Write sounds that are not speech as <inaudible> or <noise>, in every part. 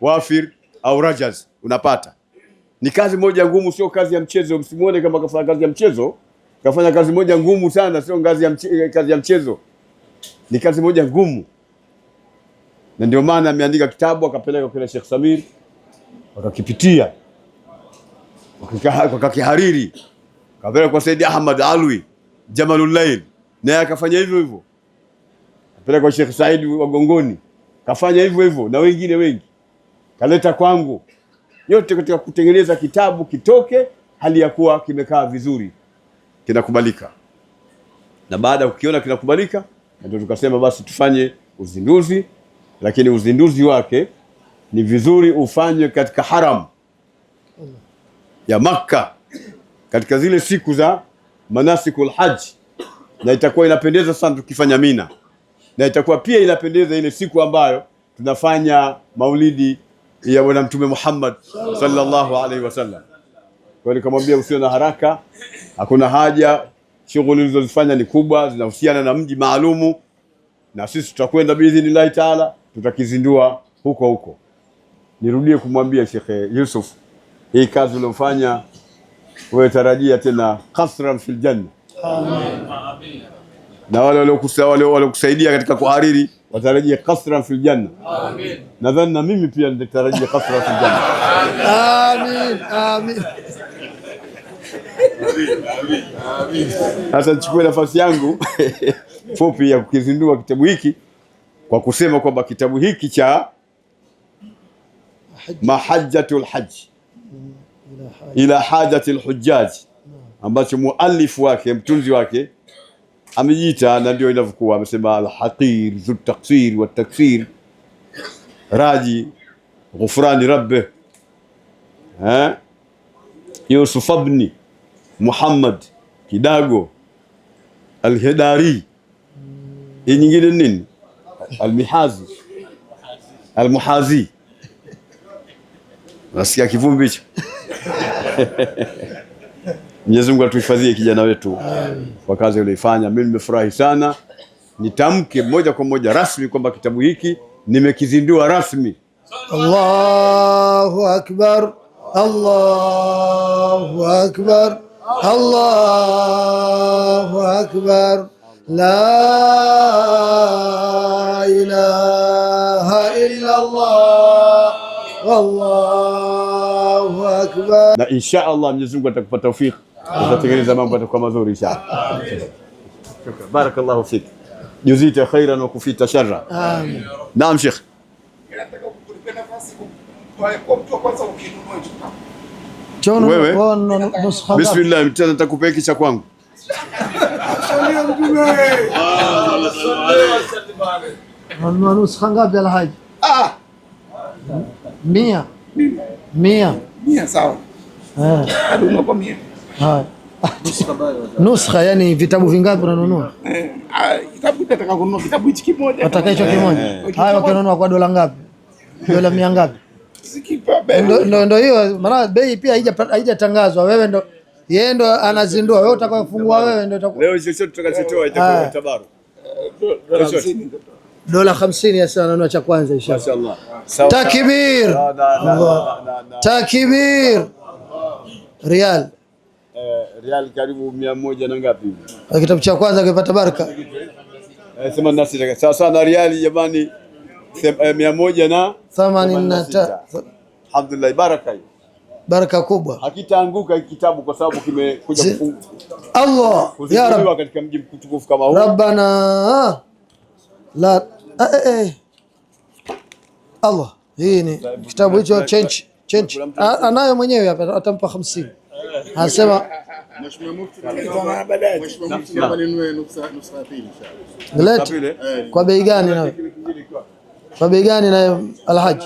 Wafir au rajas unapata. Ni kazi moja ngumu, sio kazi ya mchezo. Msimuone kama kafanya kazi ya mchezo, kafanya kazi moja ngumu sana, sio kazi ya mchezo, eh, kazi ya mchezo. Ni kazi moja ngumu, na ndio maana ameandika kitabu akapeleka kwa Sheikh Samir, wakakipitia wakakihariri, Kapeleka kwa Said Ahmad Alwi Jamalul Lail, naye akafanya hivyo hivyo, Kapeleka kwa Sheikh Said wa Gongoni, kafanya hivyo hivyo na wengine wengi kaleta kwangu, yote katika kutengeneza kitabu kitoke hali ya kuwa kimekaa vizuri, kinakubalika. Na baada ya kukiona kinakubalika, ndio tukasema basi tufanye uzinduzi, lakini uzinduzi wake ni vizuri ufanywe katika haram ya Makka katika zile siku za manasikul haji, na itakuwa inapendeza sana tukifanya Mina, na itakuwa pia inapendeza ile siku ambayo tunafanya maulidi ya Bwana Mtume Muhammad sallallahu alaihi wasallam. Kwa hiyo nikamwambia usio na haraka, hakuna haja, shughuli ulizozifanya ni kubwa, zinahusiana na mji maalumu, na sisi tutakwenda biidhnillahi taala, tutakizindua huko huko. Nirudie kumwambia Shekhe Yusuf, hii kazi uliofanya wewe, tarajia tena kasran fil janna. Amen. Na wale waliokusaidia katika kuhariri watarajie kasra fil janna. Amin. Nadhani na mimi pia nitarajia kasra fil janna. Amin. Amin. Sasa nichukue nafasi yangu <laughs> fupi ya kukizindua kitabu hiki kwa kusema kwamba kitabu hiki cha Mahajjatul Haji ila hajati lhujaji ambacho mualifu wake mtunzi wake amejiita na ndio inavyokuwa. Amesema alhaqir dhu taksir wa taksir raji ghufrani rabbe eh? ha? Yusuf abni Muhammad Kidago Alhidari, hii nyingine nini? Almihazi Almuhazi, nasikia kivumbi hicho <laughs> Mwenyezi Mungu atuhifadhie kijana wetu kwa kazi ulioifanya. Mimi nimefurahi sana, nitamke moja kwa moja rasmi kwamba kitabu hiki nimekizindua rasmi. Allahu akbar, Allahu akbar, Allahu akbar, la ilaha illa Allah, Allah Akbar. Na insha Allah Mwenyezi Mungu atakupa taufiki, utatengeneza mambo yatakuwa mazuri insha Allah. Shukran. Barakallahu fik. Juzita khairan wa kufita sharra. Amin. Naam Sheikh. Yaani Bismillah, mtana nitakupa hiki cha kwangu. Nuskha ngapi Alhaji? Mia. Mia mia sawa, ah. ah. yani vitabu vingapi unanunua? Eh, ah, kitabu kimoja, hicho kimoja. Eh. Haya, wakinunua kwa dola ngapi? Dola mia ngapi? Ndo hiyo maana bei pia haijatangazwa. Wewe ndo yeye ndo anazindua, wewe utakafungua wewe ndo leo. Chochote tutakachotoa itakuwa tabaru eh, dola 50 ya sana nunua cha kwanza inshallah. Takbir, takbir. Real eh, real karibu 100 na ngapi? Kitabu cha kwanza kipata baraka sema eh, nasi sawa sawa na real jamani, eh, na 189. Alhamdulillah, baraka baraka kubwa hakitaanguka kitabu kwa sababu kimekuja kufungwa. Allah ya Rabb katika mji mtukufu kama huu. Rabbana la Eh, eh, eh. Allah, hii ni kitabu hicho change change, anayo mwenyewe hapa, atampa 50 anasema kwa bei gani? Na kwa bei gani? Na Alhaji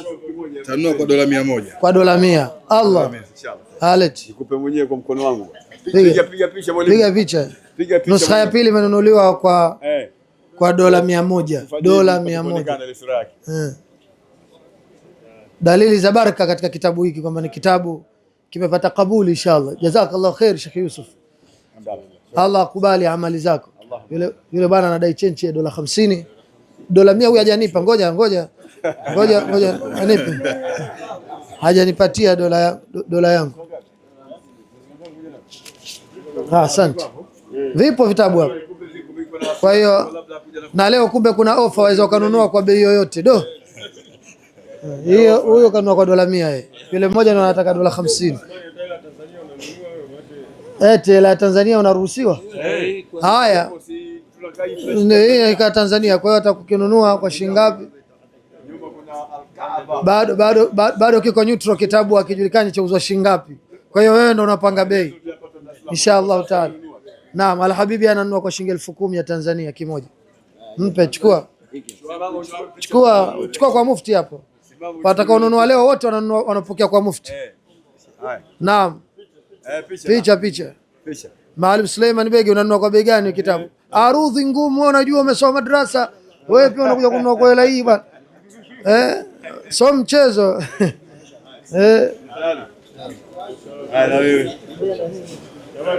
tanua kwa dola 100, kwa dola 100. Allah, nikupe mwenyewe kwa mkono wangu, piga picha, piga picha. Nusha ya pili imenunuliwa kwa eh kwa dola mia moja dola mia moja eh. Dalili za baraka katika kitabu hiki kwamba ni kitabu kimepata kabuli inshallah. Jazakallahu khair Sheikh Yusuf, Allah akubali amali zako. Yule, yule bwana anadai chenchi ya dola 50 dola mia, huyu hajanipa. Ngoja ngoja ngoja ngoja anipe, hajanipatia dola dola yangu. Ah, asante, vipo vitabu hapo? Kwa hiyo na leo kumbe kuna ofa, waweza ukanunua kwa bei yoyote. Do hiyo huyo kanunua kwa dola mia eh, yule mmoja ndo anataka dola hamsini. Eti hela ya Tanzania unaruhusiwa? Haya, hii ka Tanzania. Kwa hiyo atakukinunua kwa shilingi ngapi? Bado bado bado kiko neutral, kitabu hakijulikani chauzwa shilingi ngapi. Kwa hiyo wewe ndo unapanga bei, insha Allahu taala. Naam, Alhabibi ananunua kwa shilingi elfu kumi ya Tanzania kimoja. Mpe, chukua chukua chukua kwa mufti hapo. nunua leo wote wanapokea kwa mufti. Naam, picha picha. Maalim Suleiman begi unanunua kwa bei gani kitabu? Arudhi ngumu, unajua umesoma madrasa wewe pia unakuja kununua kwa hela hii bwana. Eh? So mchezo. <laughs> Eh?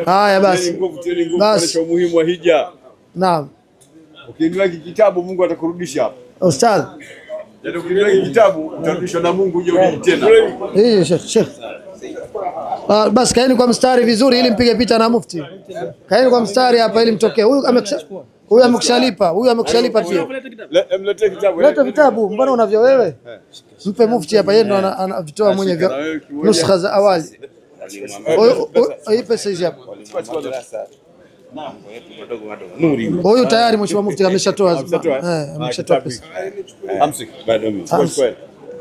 Haya basi, basi muhimu wa hija. Naam, ukiinua kitabu Mungu atakurudisha hapa ustadh. Yaani ukiinua kitabu utarudishwa na Mungu, uje uje tena. Hii shekh shekh. Uh, basi kaeni kwa mstari vizuri ili mpige picha na mufti. Kaeni kwa mstari hapa ili mtokee. Huyu amekusha huyu amekushalipa, huyu amekushalipa pia. Mletee kitabu. Leta vitabu, mbona unavyo wewe? Eh. Mpe mufti hapa, yeye ndo anavitoa mwenye nuskha za awali huyu tayari Mheshimiwa Mufti ameshatoa ah, ameshatoa eh, ah, pesa.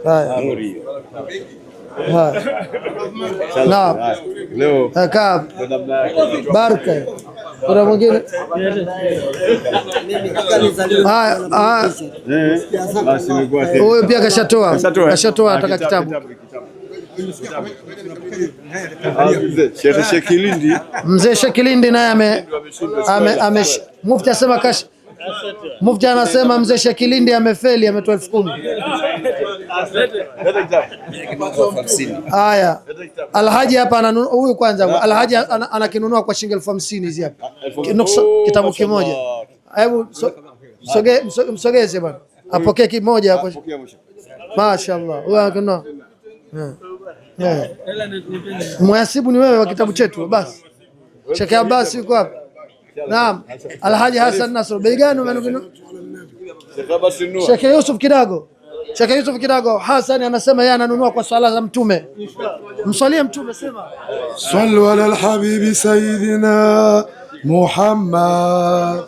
Ah, eh, Baraka. Kuna mwingine eh, huyu pia kashatoa, kashatoa ataka kitabu. Mzee Shekilindi naye ame mufti asema kash Mufti anasema mzee Shekilindi amefeli, ametoa elfu kumi. Haya, Alhaji hapa huyu kwanza, Alhaji anakinunua kwa shilingi elfu hamsini hizi hapa, kitabu kimoja. Hebu msogeze bwana apokee kimoja. Mashaallah, huyu anakinunua yeah. ni wewe wa kitabu chetu basi. Sheikh Abbas yuko hapa. Naam. Alhaji Hassan Nasr. Bei gani umenunua? Sheikh Yusuf Kidago. Sheikh Yusuf Kidago Hassan anasema yeye ananunua kwa swala za Mtume. Mswalie Mtume sema. Sallu ala alhabibi sayyidina Muhammad.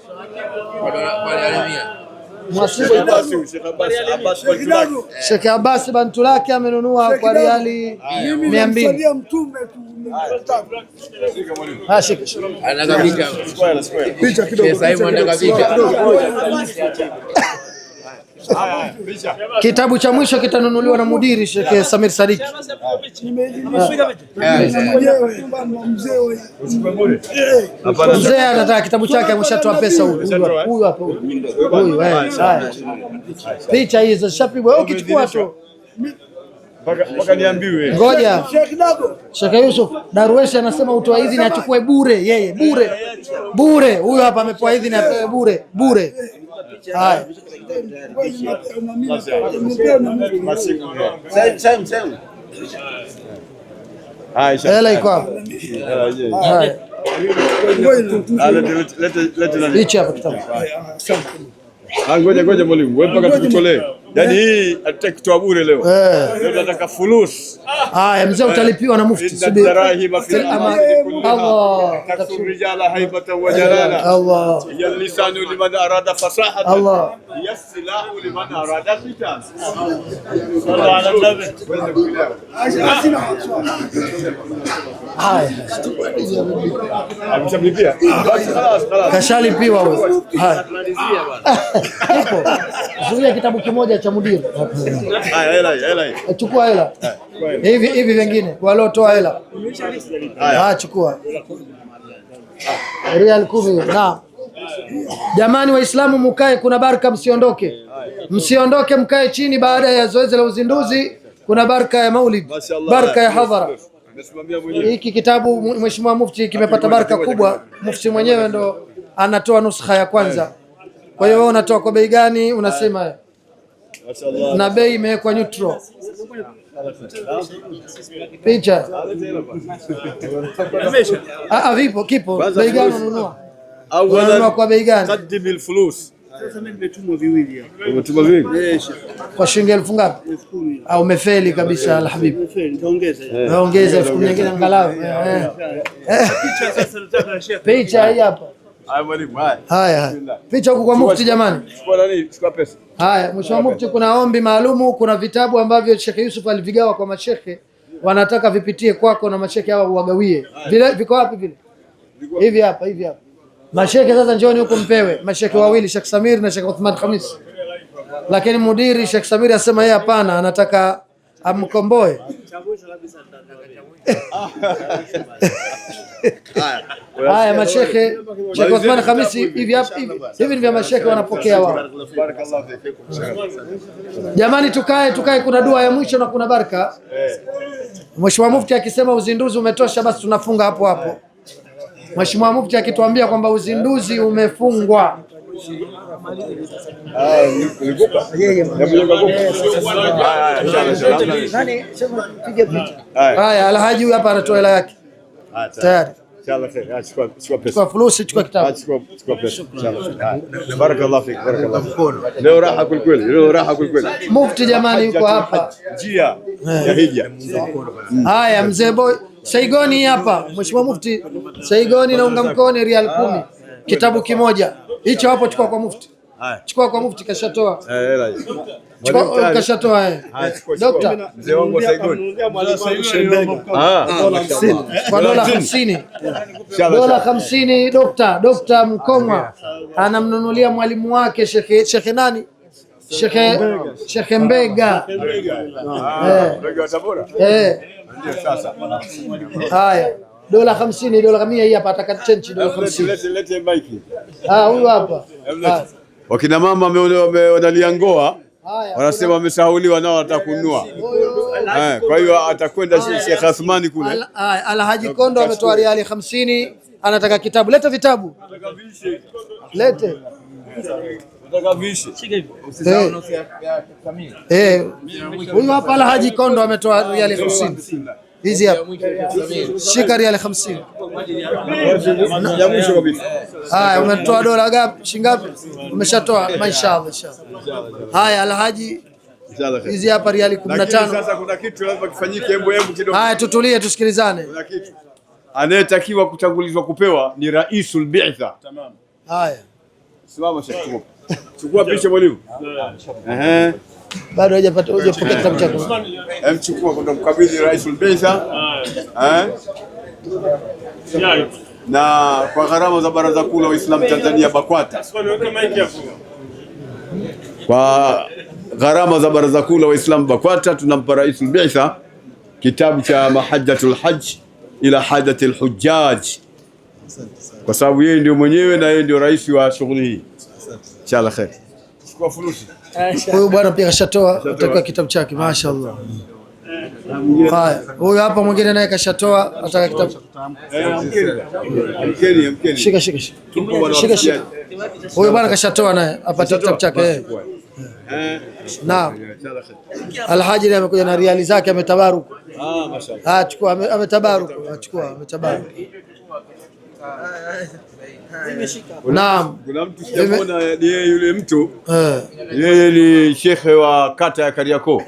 Sheikh Abbas bantu lake amenunua kwa riali mia mbili. Kitabu cha mwisho kitanunuliwa na mudiri Sheikh Samir Sadiki. Mzee anataka kitabu chake, ameshatoa pesa. Huyu huyu eh, picha hizo zishapigwa, ukichukua tu mpaka Ngoja Sheikh Yusuf Darwesh anasema utoa idhini achukue bure, yeye bure bure. Huyo hapa amepoa idhini apewe bure bure. Haya, hela iko hapo. hapa. Ah, ngoja ngoja mwalimu, wewe mpaka tukutolee Yaani hii hatutaki kutoa bure leo. Leo eh. tunataka fulus. Haya mzee utalipiwa na mufti. Subiri. Allah. Taksur rijala haibatan wa jalala. Allah. Yal lisanu liman arada fasaha. Allah. Yasilahu liman arada fitan. Sallallahu alaihi wasallam. Haya. Amshamlipia. Kashalipiwa wewe. Haya. Zuia kitabu kimoja cha mudiri. Eh, chukua hela hivi hivi, vingine waliotoa hela ah, chukua real kumi. Na jamani, Waislamu mkae, kuna baraka, msiondoke, msiondoke, mkae chini. Baada ya zoezi la uzinduzi, kuna baraka ya maulid, baraka ya hadhara. Hiki kitabu Mheshimiwa Mufti kimepata baraka kubwa. Mufti mwenyewe ndo anatoa nuskha ya kwanza. Kwa hiyo wewe unatoa kwa bei gani? Unasema na bei imewekwa neutral picha ah, ah, vipo kipo bei gani unanunua Au unanunua kwa bei gani kwa shilingi elfu ngapi au ah, umefeli kabisa alhabibu Naongeza elfu kumi nyingine angalau eh, eh. picha hii hapa Haya, picha huku kwa mufti jamani. Haya, mheshimiwa mufti, kuna ombi maalumu, kuna vitabu ambavyo Sheikh Yusuf alivigawa kwa mashekhe, wanataka vipitie kwako na mashekhe hawa uwagawie. Vile viko wapi vile? Hivi hapa, hivi hapa. Mashekhe sasa njooni huku mpewe. Mashekhe wawili, Sheikh Samir na Sheikh Uthman Khamis. Lakini mudiri Sheikh Samir asema yeye hapana, anataka amkomboe. <laughs> Haya mashehe, Sheikh Othman Khamisi, hivi hivi vya mashehe wanapokea wao. Jamani, tukae tukae, kuna dua ya mwisho na kuna baraka. Mheshimiwa Mufti akisema uzinduzi umetosha, basi tunafunga hapo hapo. Mheshimiwa Mufti akituambia kwamba uzinduzi umefungwa Haya, Alhaji huyu hapa anatoa hela yake tayari. Leo raha kwelikweli, leo raha kwelikweli. Mufti jamani, yuko hapa njia eh. ya hija. Haya, mzee boy Saigoni hapa, Mheshimiwa Mufti Saigoni, naunga mkono rial kumi, ah. kitabu kimoja hicho hapo, chukua kwa mufti. Chukua kwa mufti kashatoa. Chukua kashatoa Dokta, mzee wangu wa Kwa dola hamsini Dola hamsini dokta, dokta Mkoma anamnunulia mwalimu wake shekhe shekhe nani? Shekhe Shekhe Mbega. Haya. Dola 50, dola 100 hii hapa ataka chenchi dola 50. huyu hapa. Wakina mama wanalia ngoa, wanasema wamesahauliwa, nao wanataka kununua. Eh, kwa hiyo atakwenda Sheikh Athmani kule. Alhaji Kondo ametoa riali hamsini, anataka kitabu. Leta vitabu, lete eh. eh. huyu hapa. Alhaji Kondo ametoa riali 50 hizi hapa, shika riali 50. Haya, unatoa dola gapi? Shingapi? Umeshatoa, mashaallah, inshallah. Haya, Alhaji, hizi hapa riali 15. Sasa kuna kitu lazima kifanyike, hebu hebu kidogo. Haya, tutulie, tusikilizane. Kuna kitu anayetakiwa kutangulizwa kupewa ni Raisul Bi'tha. Tamam. Haya, simama, chukua picha mwalimu bado hajapata hajapokea kitabu chako. Mchukua kwenda mkabidhi Rais Ulbeza eh, na kwa gharama za Baraza Kuu la Waislamu Tanzania BAKWATA, kwa gharama za Baraza Kuu la Waislamu BAKWATA tunampa Rais Ulbeza kitabu cha Mahajjatul Hajj ila Hajjatil Hujjaj, kwa sababu yeye ndio mwenyewe na yeye ndio rais wa shughuli hii. Inshallah khair. Chukua fulusi huyu bwana pia kashatoa atakiwa kitabu chake, mashaallah. Eh. Haya, huyu hapa mwingine naye kashatoa ataka kitabu. Eh, shika shika shika shika. Huyu bwana kashatoa naye apate kitabu chake. Eh. Naam. Alhaji amekuja na riali zake ametabaruku. Ah, mashaallah. Ah, chukua ametabaruku, achukua ametabaruku. Naam, kuna mtu sijamuona ni yule mtu eh. yeye ni shekhe wa kata ya Kariakoo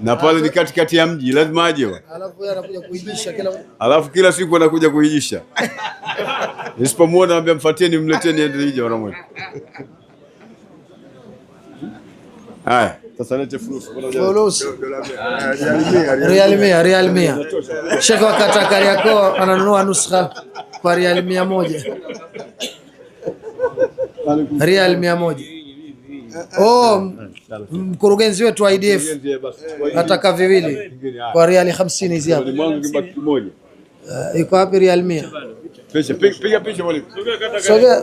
na pale ni katikati ya mji, lazima aje. Alafu kila siku anakuja kuhijisha, nisipomwona ambia mfateni, mleteni, ende hija. Haya. Real mia real mia shekhe wakata Kariakoo ananunua nuskha kwa real mia moja real mia moja eh, eh. Oh, mkurugenzi wetu wa IDF eh, nataka viwili kwa real hamsini hizi hapa. Iko wapi real mia? Piga picha mwalimu. Sogea.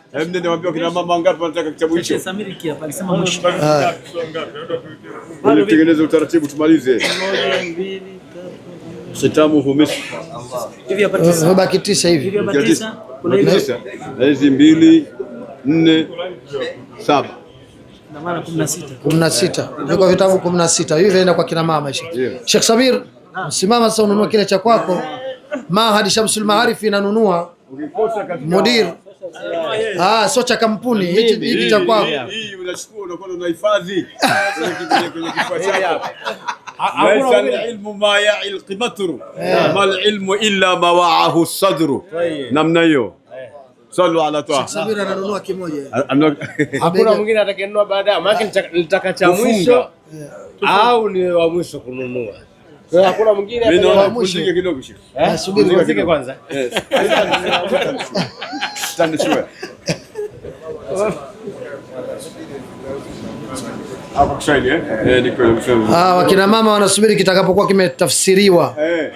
Niwaambia kina mama wangapi wanataka kitabu hicho? Tengeneza utaratibu tumalize. Sitamu humisi. Mabaki tisa hivi. Hizi mbili, nne, saba. na sita. Kwa vitabu kumi na sita. Hivi vinaenda kwa kina mama hicho. Sheikh Sabir, msimama sasa ununua kile cha kwako. Mahadi Shamsul Maarifi inanunua. Mudir Ah, sio cha kampuni hiki cha kwao. Hii unachukua unakuwa unahifadhi kwenye kifua <laughs> chako. ilmu illa ma waahu sadru. Namna hiyo. Eh. Sallu ala toa. Sabira ananunua kimoja. Hakuna mwingine atakayenunua baadaye. Maana nitaka cha mwisho au ni wa mwisho kununua. Hakuna mwingine atakayenunua mwisho eh, Subiri kwanza. <laughs> Mtanichua eh? eh, ah, wakina mama wanasubiri kitakapokuwa kimetafsiriwa eh,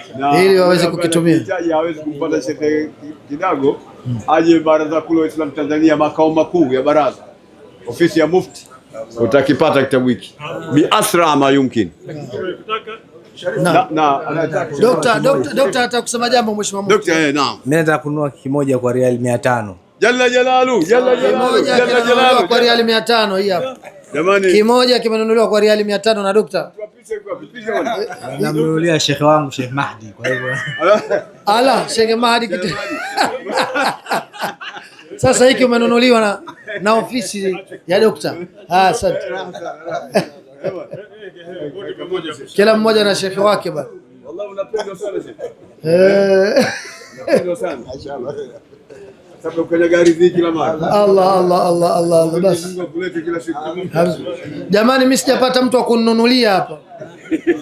ili waweze kukitumia. Hawezi kumpata Sheikh Kidago aje Baraza Kuu la Waislamu Tanzania, makao makuu ya baraza, ofisi ya Mufti, utakipata kitabu hiki asra ma yumkin. Dokta hata kusema jambo mheshimiwa. Dokta, eh, naam. Mimi nataka kununua kimoja kwa riali 500. Jalla jalalu, jalla jalalu, jalla jalalu kwa riali 500 hii hapa. Jamani. Kimoja kimenunuliwa kwa riali 500 na dokta. Namnunulia shekhe wangu Sheikh Mahdi kwa hivyo. <laughs> Ala, Sheikh Mahdi kitu. Sasa hiki umenunuliwa na na ofisi ya dokta. Ah, asante. Kila mmoja na shekhe wake bwana. Wallahi unapendwa sana shekhe. Eh. Unapendwa sana. Kwenye gari hizi kila mara. Allah, Allah, Allah, Allah, Allah bas. Jamani, mimi sijapata mtu wa kununulia hapa,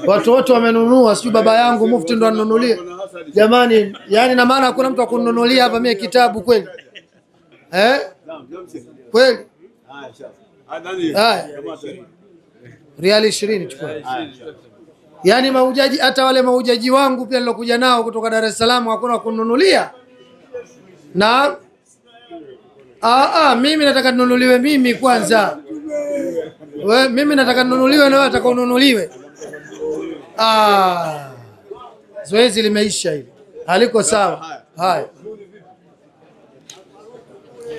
watu wote wamenunua, sijui baba yangu mufti ndo anunulia. Jamani, yani na maana hakuna mtu wa kununulia hapa mimi kitabu kweli eh? kweli Haya. haya Riali ishirini chukua. Yaani maujaji hata wale maujaji wangu pia nilokuja nao kutoka Dar es Salaam hakuna kununulia. Na aa, mimi nataka ninunuliwe mimi kwanza. We, mimi nataka ninunuliwe na wewe nataka ununuliwe. Ah. Zoezi limeisha hili. Haliko sawa. Haya.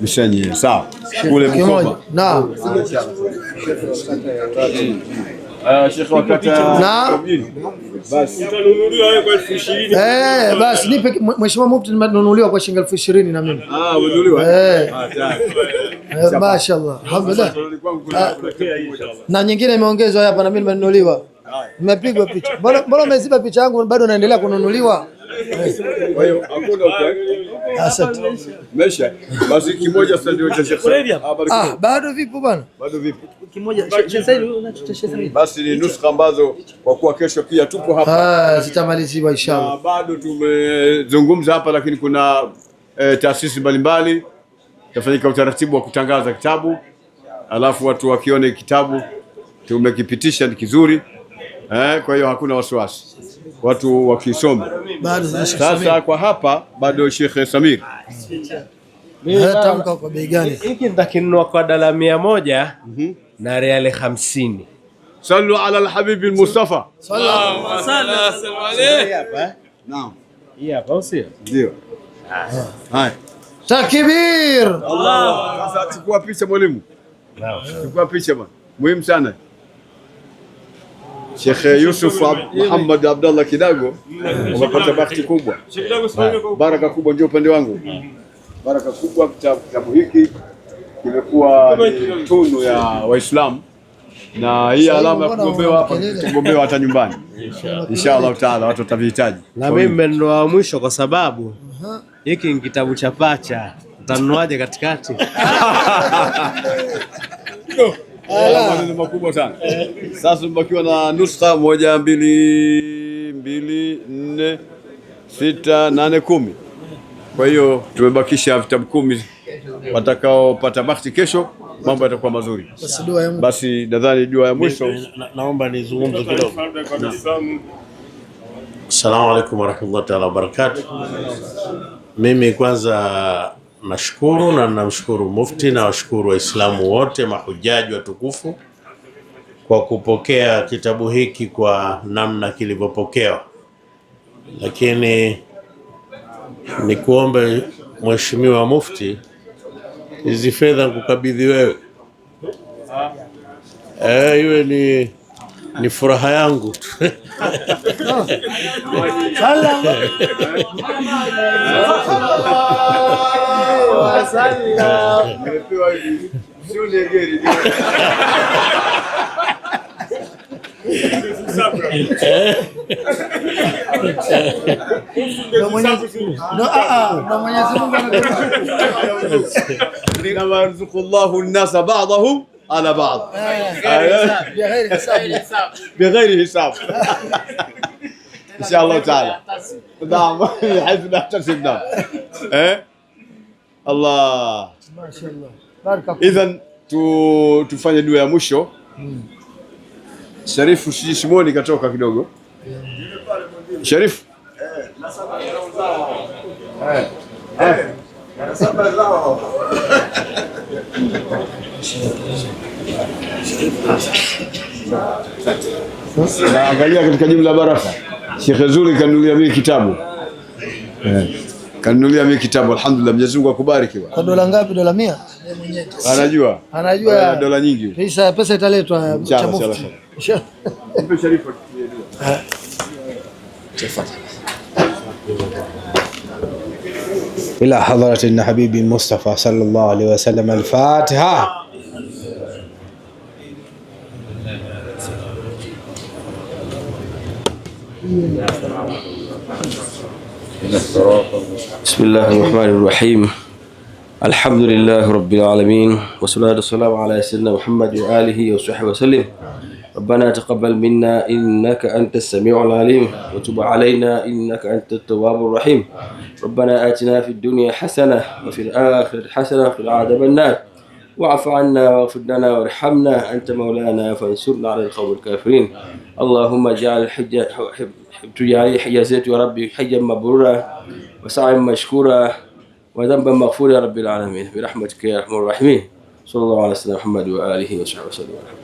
Mshenye sawa, kule Bukoba. Eh, basi nipe Mheshimiwa Mufti, nimenunuliwa kwa shilingi elfu ishirini na mimi. Ah, eh. ah, eh, Mashaallah, ah, Na nyingine imeongezwa hapa na mimi nimenunuliwa, nimepigwa picha. Mbona umeziba picha yangu bado naendelea kununuliwa? Kwa hiyo hakuna ah, asante. Mesha basi kimoja sasa ndio cha Sheikh Said. Ah, bado vipo bwana, bado vipo kimoja Sheikh Said Basi ni nusha ambazo kwa kuwa kesho pia tupo hapa, ah, zitamaliziwa inshallah. Bado tumezungumza hapa, lakini kuna eh, taasisi mbalimbali tafanyika utaratibu wa kutangaza kitabu, alafu watu wakione kitabu tumekipitisha ni kizuri eh, kwa hiyo hakuna wasiwasi watu wakisoma. Sasa kwa hapa bado Sheikh Samir hiki nitakinunua kwa dala mia moja mhm. na reali hamsini. Sallu ala alhabibi Mustafa sallallahu alaihi wasallam. hii hapa au sio? Ndio. takbir! Sasa chukua picha mwalimu, chukua picha bwana, muhimu sana. Sheikh Yusuf Muhammad Abdallah Kidago umepata bahati kubwa, baraka kubwa. Ndio upande wangu baraka kubwa. Kitabu hiki kimekuwa tunu ya Waislamu na hii alama ya kugombewa hapa kugombewa hata nyumbani inshallah taala, watu watavihitaji. Na mimi ndo wa mwisho kwa sababu hiki ni kitabu cha pacha, utanunuaje katikati? <laughs> maneno makubwa sana. Sasa tumebakiwa na nusu saa, moja, mbili, mbili, nne, sita, nane, kumi. Kwa hiyo tumebakisha vitabu kumi, watakaopata bahati kesho mambo yatakuwa mazuri. Basi nadhani dua ya mwisho naomba nizungumze kidogo. Assalamu alaykum warahmatullahi wabarakatuh. Mimi kwanza Nashukuru na namshukuru Mufti na washukuru Waislamu wote mahujaji watukufu kwa kupokea kitabu hiki kwa namna kilivyopokewa, lakini ni kuombe Mheshimiwa Mufti, hizi fedha nkukabidhi wewe, eh, iwe ni ni furaha yangu na mwenyezimungu anabarzuku llahu nnasa badahum ala baadhi bighairi hisab insha Allah taala. Naam, haythu la tahtasib. Naam, eh, Allah, mashaallah, baraka. Idhan tu tufanye dua ya mwisho. Sharifu siji simoni katoka kidogo. Sharifu Naangalia katika jumla baraka, Sheikh Zuri kanunulia mimi kitabu eh, kanunulia mimi kitabu. Alhamdulillah, Mwenyezi Mungu akubariki. Kwa dola ngapi? Dola mia? Anajua, anajua eh, dola nyingi. Pesa pesa italetwa. Eh, Ila hadratin nabii Mustafa sallallahu alaihi wasallam al-Fatiha. بسم الله الرحمن الرحيم الحمد لله رب العالمين والصلاة والسلام على سيدنا محمد وآله وصحبه وسلم ربنا تقبل منا إنك أنت السميع العليم وتب علينا إنك أنت التواب الرحيم ربنا آتنا في الدنيا حسنة وفي الآخرة حسنة وفي العذاب النار واعف عنا واغفر لنا وارحمنا أنت مولانا فانصرنا على القوم الكافرين اللهم اجعل تجاري حجازات يا ربي حجا مبرورا وسعيا مشكورا وذنبا مغفورا يا رب العالمين برحمتك يا ارحم الراحمين صلى الله على سيدنا محمد واله وصحبه وسلم